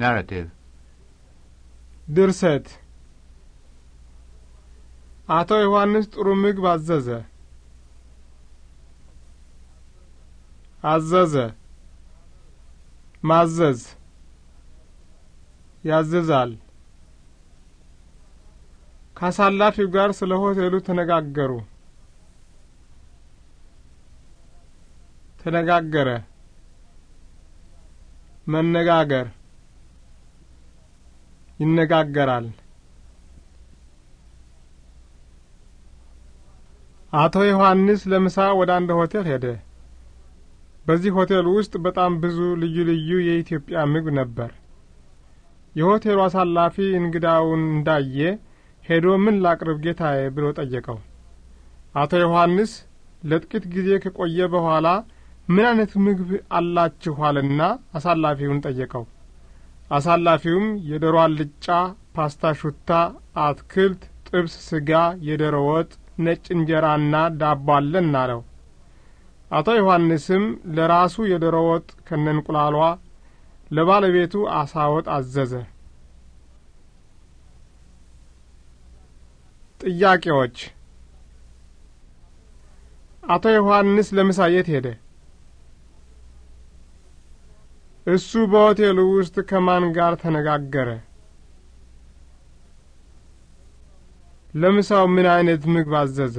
ናራቲቭ ድርሰት አቶ ዮሐንስ ጥሩ ምግብ አዘዘ። አዘዘ ማዘዝ ያዝዛል። ከአሳላፊው ጋር ስለ ሆቴሉ ተነጋገሩ። ተነጋገረ መነጋገር ይነጋገራል። አቶ ዮሐንስ ለምሳ ወደ አንድ ሆቴል ሄደ። በዚህ ሆቴል ውስጥ በጣም ብዙ ልዩ ልዩ የኢትዮጵያ ምግብ ነበር። የሆቴሉ አሳላፊ እንግዳውን እንዳየ ሄዶ ምን ላቅርብ ጌታዬ ብሎ ጠየቀው። አቶ ዮሐንስ ለጥቂት ጊዜ ከቆየ በኋላ ምን አይነት ምግብ አላችኋልና አሳላፊውን ጠየቀው። አሳላፊውም የዶሮ አልጫ፣ ፓስታ፣ ሹታ፣ አትክልት፣ ጥብስ፣ ስጋ፣ የዶሮ ወጥ፣ ነጭ እንጀራና ዳቦ አለን አለው። አቶ ዮሐንስም ለራሱ የዶሮ ወጥ ከነንቁላሏ ለባለቤቱ አሳ ወጥ አዘዘ። ጥያቄዎች አቶ ዮሐንስ ለምሳ የት ሄደ? እሱ በሆቴሉ ውስጥ ከማን ጋር ተነጋገረ? ለምሳው ምን አይነት ምግብ አዘዘ?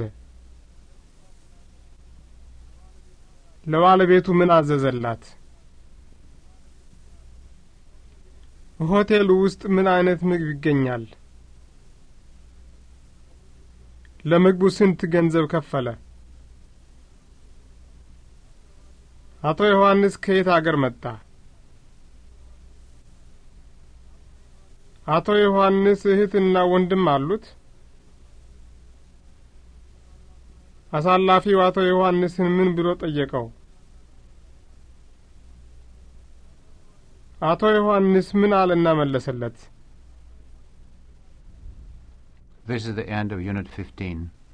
ለባለቤቱ ምን አዘዘላት? ሆቴሉ ውስጥ ምን አይነት ምግብ ይገኛል? ለምግቡ ስንት ገንዘብ ከፈለ? አቶ ዮሐንስ ከየት አገር መጣ? አቶ ዮሐንስ እህትና ወንድም አሉት? አሳላፊው አቶ ዮሐንስን ምን ብሎ ጠየቀው? አቶ ዮሐንስ ምን አለና መለሰለት? This is the end of Unit 15.